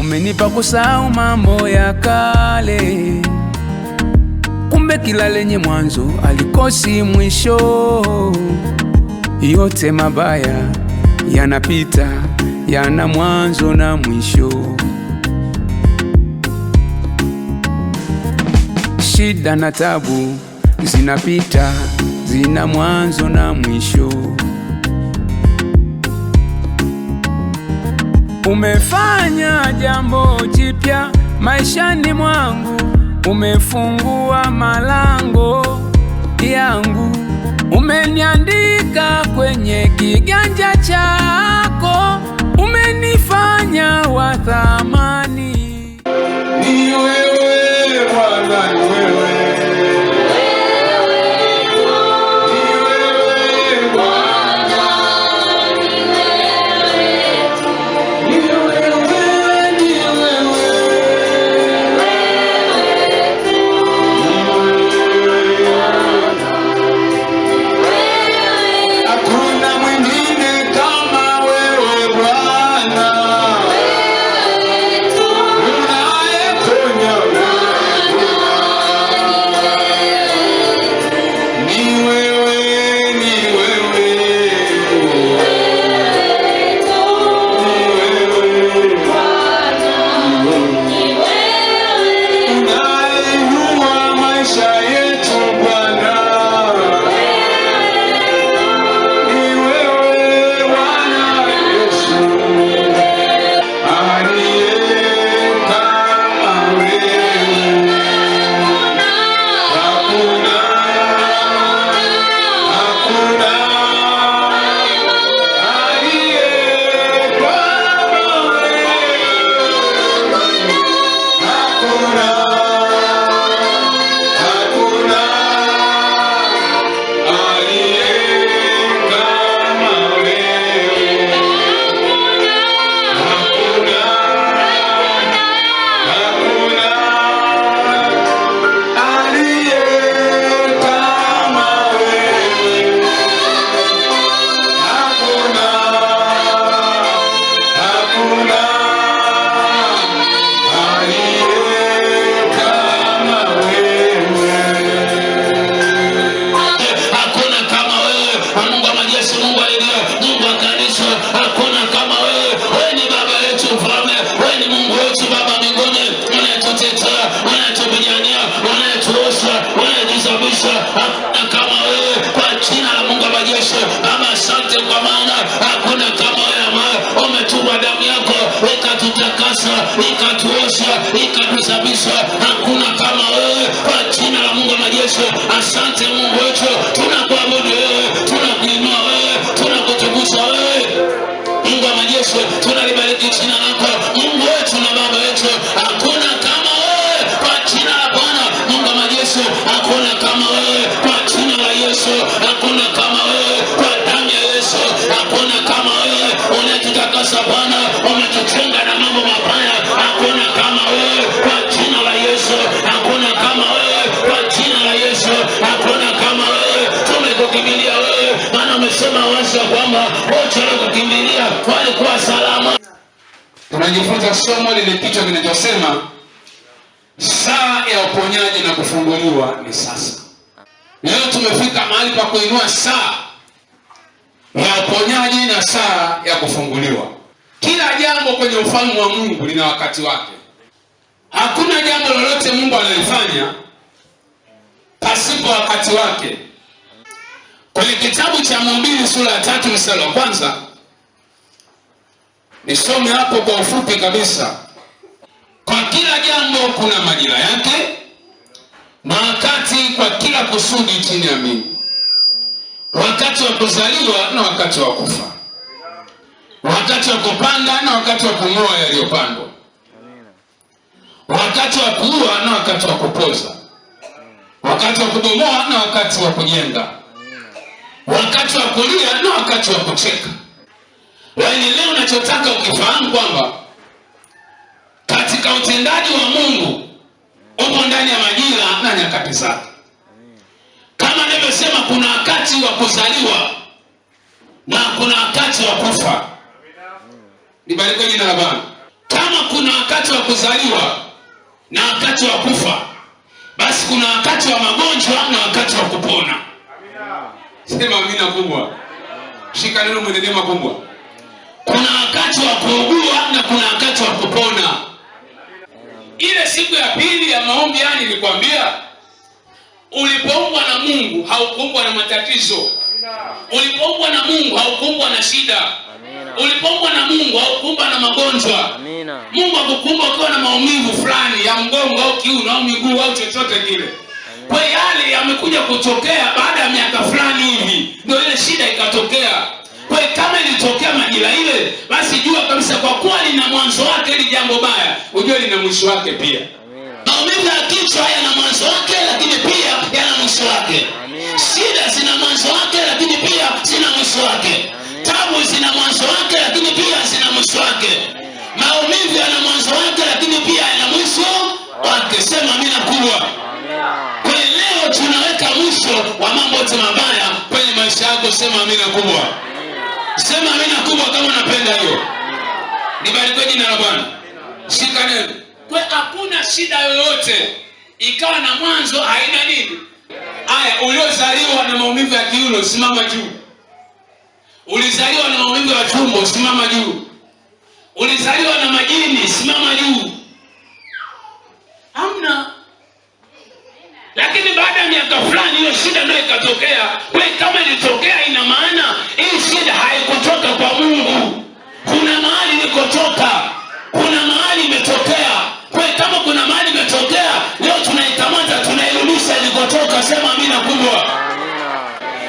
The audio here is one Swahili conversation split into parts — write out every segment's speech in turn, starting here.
Umenipa kusahau mambo ya kale, kumbe kila lenye mwanzo alikosi mwisho. Yote mabaya yanapita, yana mwanzo na mwisho. Shida na tabu zinapita, zina mwanzo na mwisho. Umefanya jambo jipya maishani mwangu, umefungua malango yangu, umeniandika kwenye kiganja chako, umenifanya wa thamani. umekamilika kusababisha, hakuna kama wewe. Kwa jina la Mungu majeshi, asante Mungu wetu, tunakuabudu wewe, tunakuinua wewe, tunakutukuza wewe, Mungu wa majeshi, tunalibariki jina lako Mungu wetu na Baba wetu hakuna kama wewe. Kwa jina la Bwana Mungu wa majeshi, hakuna kama wewe. Kwa jina la Yesu, hakuna kama wewe. Kwa damu ya Yesu, hakuna kama wewe. Unakitakasa Bwana, umetutenga na mambo mabaya, hakuna kuhakikisha kwamba wote waliokukimbilia walikuwa salama. Tunajifunza somo lile kichwa kinachosema saa ya uponyaji na kufunguliwa ni sasa. Leo tumefika mahali pa kuinua saa ya uponyaji na saa ya kufunguliwa. Kila jambo kwenye ufalme wa Mungu lina wakati wake. Hakuna jambo lolote Mungu analifanya pasipo wakati wake kwenye kitabu cha Mhubiri sura ya tatu mstari wa kwanza. Nisome hapo kwa ufupi kabisa. Kwa kila jambo kuna majira yake na wakati kwa kila kusudi chini ya mbingu, wakati wa kuzaliwa na wakati wa kufa, wakati wa kupanda na wakati wa kung'oa yaliyopandwa, wakati wa kuua na wakati wa kupoza, wakati wa kubomoa na wakati wa kujenga wakati wa kulia na wakati wa kucheka. Lakini leo nachotaka ukifahamu kwamba katika utendaji wa Mungu upo ndani ya majira na nyakati zake. Kama nilivyosema, kuna wakati wa kuzaliwa na kuna wakati wa kufa. Libarikiwe jina la Bwana. Kama kuna wakati wa kuzaliwa na wakati wa kufa, basi kuna wakati wa magonjwa na wakati wa kupona. Sema amina kubwa. Shika neno mwendelema kubwa. Kuna wakati wa kuugua na kuna wakati wa kupona. Ile siku ya pili ya maombi yani, nilikwambia ulipoumbwa na Mungu haukuumbwa na matatizo. Ulipoumbwa na Mungu haukuumbwa na shida. Ulipoumbwa na Mungu haukuumbwa na magonjwa. Mungu akukumbwa ukiwa na maumivu fulani ya mgongo au kiuno au miguu au chochote kile kwa yale yamekuja kutokea baada ya miaka fulani hivi, ndio ile shida ikatokea. Kwa kama ilitokea majira ile, basi jua kabisa kwa kuwa lina mwanzo wake ili jambo baya, ujue lina mwisho wake pia. Maumivu ya kichwa yana mwanzo wake, lakini pia yana mwisho wake. Shida zina mwanzo wake, lakini pia zina mwisho wake. Tabu zina mwanzo wake, lakini pia zina mwisho wake. Maumivu yana mwanzo wake, lakini pia yana mwisho wake. Sema sema amina kubwa, sema amina kubwa kama unapenda hiyo. nibarikiwe jina la Bwana, shika neno kwa, hakuna shida yoyote ikawa na mwanzo haina nini. Haya, uliozaliwa na maumivu ya kiuno simama juu. Ulizaliwa na maumivu ya tumbo simama juu. Ulizaliwa na majini simama juu. Hamna lakini baada ya miaka fulani hiyo shida nayo ikatokea. We kama ilitokea, ina maana hii shida haikutoka kwa Mungu, kuna mahali ilikotoka, kuna mahali imetokea. We kama kuna mahali imetokea, leo tunaikamata, tunairudisha ilikotoka. Sema amina kubwa.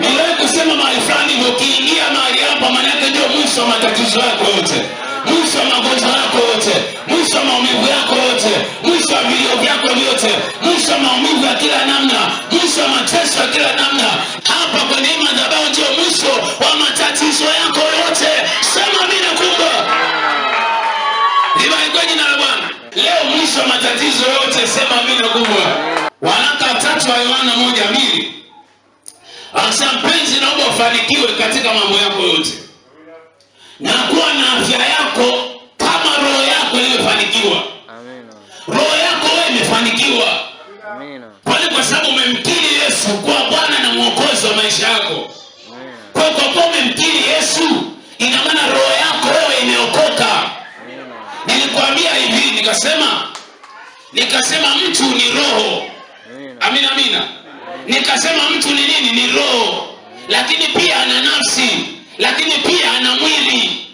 Niwahi kusema mahali fulani, ukiingia mahali hapa, maana yake ndio mwisho wa matatizo yako yote mwisho wa magonjwa yako yote, mwisho wa maumivu yako yote, mwisho wa vilio vyako vyote, mwisho wa maumivu ya kila namna, mwisho wa mateso ya kila namna. Hapa kwenye hii madhabahu ndio mwisho wa matatizo yako yote. Sema bila kumba, libarikiwe jina la Bwana. Leo mwisho wa matatizo yote, sema vile kubwa Waraka tatu wa Yohana moja mbili asa mpenzi, naomba ufanikiwe katika mambo yako yote na kuwa na afya yako kama roho yako imefanikiwa. Roho yako wewe imefanikiwa, kwani kwa sababu umemtii Yesu kwa Bwana na Mwokozi wa maisha yako. Kwa kwa kuwa umemtii Yesu, ina maana roho yako wewe imeokoka. Nilikwambia hivi nikasema, nikasema mtu ni roho. Amina, amina. Nikasema mtu ni nini? Ni roho, lakini pia ana nafsi lakini pia ana mwili.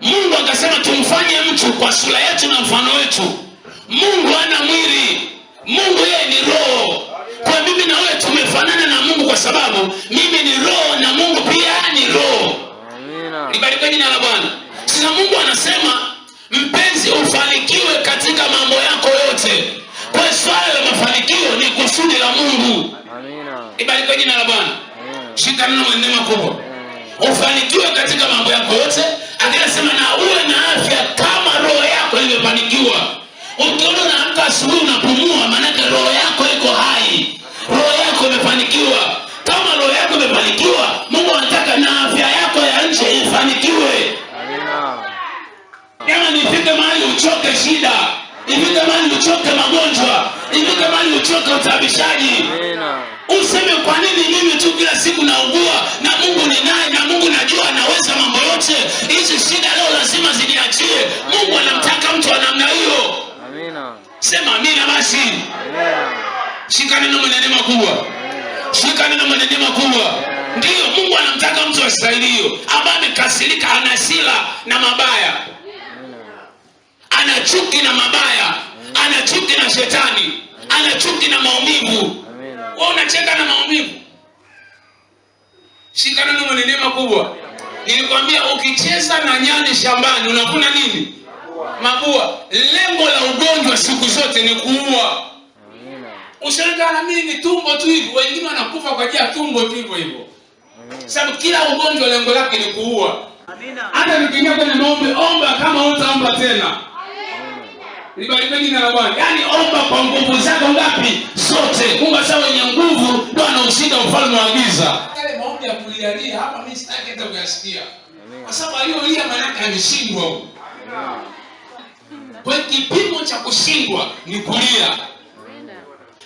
Mungu akasema tumfanye mtu kwa sura yetu na mfano wetu. Mungu ana mwili, Mungu yeye ni roho. Kwa mimi na wewe tumefanana na Mungu kwa sababu mimi ni roho na Mungu pia ni roho. Libarikiwe jina la Bwana. Sasa Mungu anasema mpenzi, ufanikiwe katika mambo yako yote. Kwa swala la mafanikio ni kusudi la Mungu. Libarikiwe jina la Bwana. Shika neno makubwa ufanikiwe katika mambo yako yote, akinasema na uwe na afya kama roho yako ilivyofanikiwa. Ukiona unaamka asubuhi unapumua, maanake roho yako iko hai. maneno makubwa, shika neno maneno makubwa. Ndiyo, Mungu anamtaka mtu wa staili hiyo, ambaye amekasirika, ana hasira na mabaya, anachuki na mabaya, anachuki na shetani, anachuki na maumivu. Wewe unacheka na maumivu, shika neno maneno makubwa. Nilikwambia ukicheza na nyani shambani unakuna nini? Mabua. Lengo la ugonjwa siku zote ni kuua ushirika na mimi ni tumbo tu hivyo, wengine wanakufa kwa ajili ya tumbo tu hivyo hivyo. Sababu kila ugonjwa lengo lake ni kuua. Hata nikiingia kwenye maombi, omba kama utaomba tena. Libarikiwe jina la Bwana. Yaani omba kwa nguvu zako ngapi? Zote. Kumba sawa wenye nguvu ndio anaushinda ufalme wa giza. Kale maombi ya kulialia hapa mimi sitaki hata kuyasikia. Kwa sababu aliyolia maana yake ameshindwa. Kwa kipimo cha kushindwa ni kulia.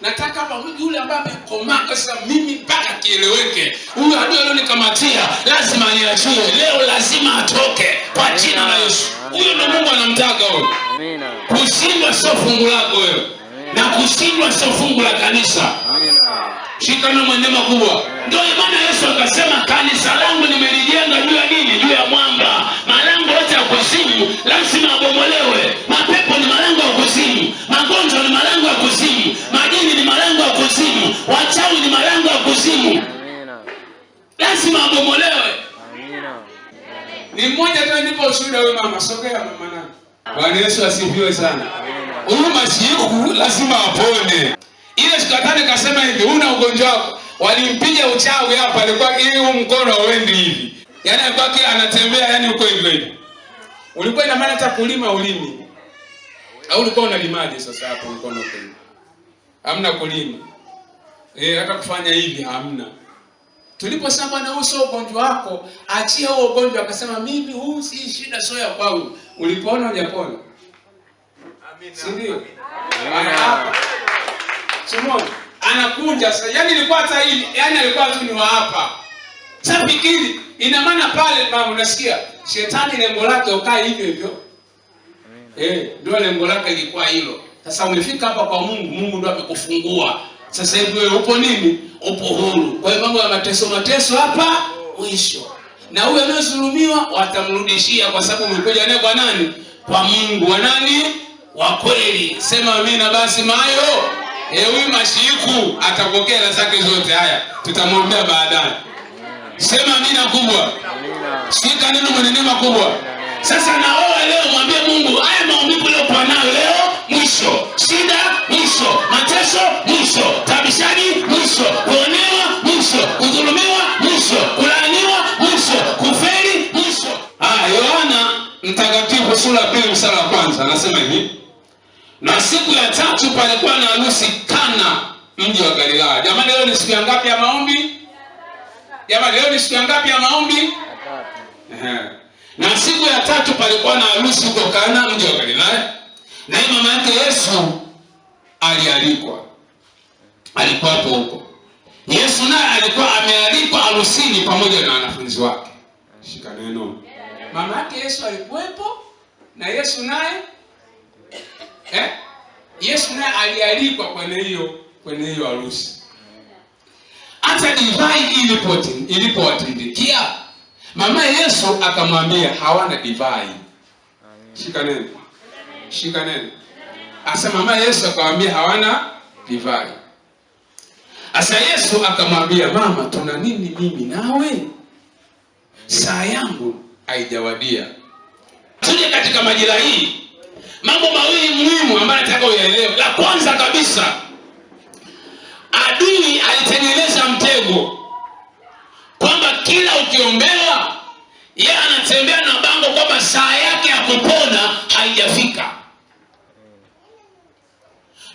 Nataka pamoja yule ambaye amekomaa sasa, mimi mpaka kieleweke, huyu adui alionikamatia lazima aniachie. leo, lazima atoke kwa jina la Yesu. Huyo ndio Mungu anamtaka huyo. Amina. Kushindwa sio fungu lako wewe, na kushindwa sio fungu la kanisa. Amina. Shika na mwende makubwa. Ndio maana Yesu akasema, kanisa langu nimelijenga juu ya nini? Juu ya mwamba. Malango yote ya kuzimu lazima abomolewe. Mapepo ni malango ya kuzimu, magonjwa ni malango ya kuzimu kuzimu. Wachawi ni malango ya kuzimu, lazima abomolewe. Ni mmoja tu nipo ushuhuda. Wewe mama, sogea mama nani. Bwana Yesu asifiwe sana. Huyu mashiku lazima apone. Ile sikatani kasema hivi, una ugonjwa wako. Walimpiga uchawi hapa, alikuwa ili huu mkono hauendi hivi. Yaani alikuwa anatembea yani uko hivyo hivyo. Ulikuwa ina maana hata kulima ulimi. Au ulikuwa unalimaje sasa hapo mkono huko hivyo. Hamna kulima eh, hata kufanya hivi hamna. Tuliposema na uso ugonjwa wako, achia huo ugonjwa, akasema mimi huu si shida, sio ya kwangu. Ulipona hujapona? Amina. Si ndio? Amina. Simon anakunja sasa, yani ilikuwa hata hivi, yani alikuwa tu ni wa hapa. Sasa fikiri, ina maana pale mama, unasikia shetani lengo lake ukae hivyo hivyo. Eh, ndio lengo lake lilikuwa hilo. Sasa umefika hapa kwa Mungu, Mungu ndio amekufungua. Sasa hivi wewe upo nini? Upo huru. Kwa hiyo mambo ya mateso mateso hapa mwisho, na huyo anayezulumiwa watamrudishia, kwa sababu umekuja naye kwa nani? Kwa Mungu wa nani? Wa kweli. Sema amina. Basi mayo eh, huyu mashiku atapokea hela zake zote. Haya, tutamwombea baadaye. Sema amina kubwa, sika neno neema kubwa. Sasa naoa leo mwambie Mungu haya maumivu leo kwa nayo leo mwisho, shida mwisho, mateso mwisho, tabishaji mwisho, kuonewa mwisho, kudhulumiwa mwisho, kulaaniwa mwisho, kuferi mwisho. Ah, Yohana Mtakatifu sura pili mstari wa kwanza anasema hivi, na siku ya tatu palikuwa na harusi Kana, mji wa Galilaya. Jamani, leo ni siku ya ngapi ya maombi? Jamani, leo ni siku ya ngapi ya maombi? na siku ya tatu palikuwa na harusi huko Kana, mji wa Galilaya hiyo maana Yesu alialikwa, alikuwa hapo huko. Yesu naye alikuwa amealikwa harusini pamoja na wanafunzi wake. Shika neno. Mama yake Yesu alikuwepo na Yesu naye eh? Yesu naye alialikwa kwenye hiyo kwenye hiyo harusi. Hata divai ilipowatindikia mama Yesu akamwambia hawana divai. Shika neno shika neno. Asa mama Yesu akamwambia hawana divai. Asa Yesu akamwambia mama, tuna nini mimi nawe? Saa yangu haijawadia. Tuje katika majira hii, mambo mawili muhimu ambayo nataka uyaelewe. La kwanza kabisa, adui alitengeneza mtego kwamba kila ukiombea yeye anatembea na bango kwamba saa yake ya kupona haijafika.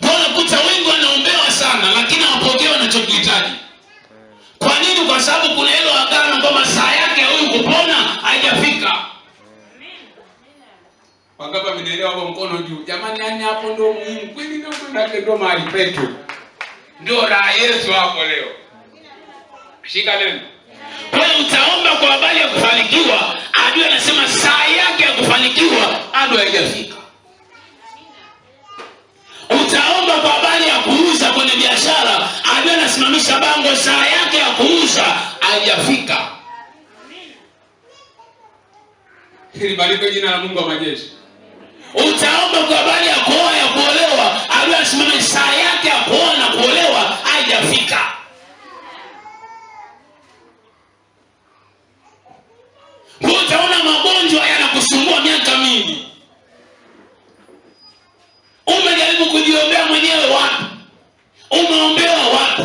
Unakuta wengi wanaombewa sana, lakini awapokee wanachokihitaji. Kwa nini? Kwa sababu kuna hilo agano kwamba saa yake ya huyu kupona haijafika. Wangapi minaelewa hapo? Mkono juu jamani, yani hapo ndo muhimu kweli, ndio ndio ndio mahali petu, ndio raha Yesu hapo leo. Shika neno kwa hiyo utaomba kwa habari ya kufanikiwa, adui anasema saa yake ya kufanikiwa bado haijafika. Utaomba kwa habari ya kuuza kwenye biashara, adui anasimamisha bango, saa yake ya kuuza haijafika. Libarikiwe jina la Mungu wa majeshi. Utaomba kwa habari ya kuoa ya kuolewa, adui anasimamisha saa yake ya kuoa na kuolewa haijafika. utaona magonjwa yanakusumbua miaka mingi. Umejaribu kujiombea mwenyewe wapi? Umeombewa wapi?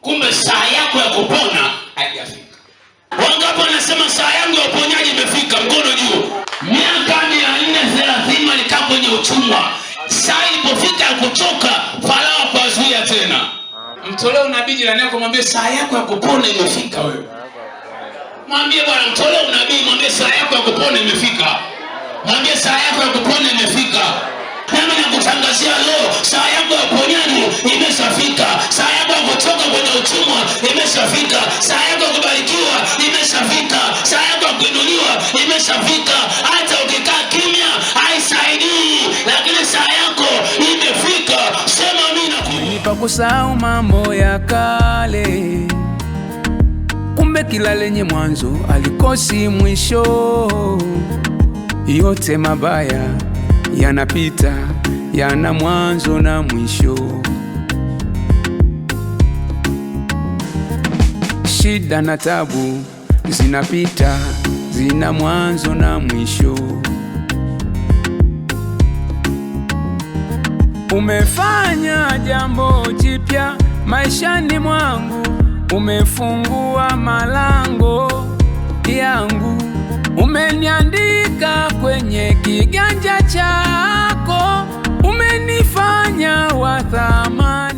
Kumbe saa yako ya kupona haijafika. wangapo anasema saa yangu ya uponyaji imefika? Mkono juu. Miaka mia nne thelathini walikaa kwenye uchumwa saa ilipofika ya kuchoka Farao kwazuia tena. mtoleo unabii jirani yako, mwambie saa yako ya kupona imefika wewe mwambie Bwana, mtole unabii, mwambie saa yako ya kupona imefika, mwambie saa yako ya kupona imefika. Nami nakutangazia leo, saa yako ya uponyaji imeshafika, saa yako ya kutoka kwenye uchumwa imeshafika, saa yako ya kubarikiwa imeshafika, saa yako ya kuinuliwa imeshafika. Hata ukikaa kimya haisaidii, lakini saa yako imefika. Sema mi nakupa kusahau mambo ya kale kumbe kila lenye mwanzo alikosi mwisho. Yote mabaya yanapita, yana mwanzo na mwisho. Shida na tabu zinapita, zina mwanzo na mwisho. Umefanya jambo jipya maishani mwangu umefungua malango yangu, umeniandika kwenye kiganja chako, umenifanya wa thamani.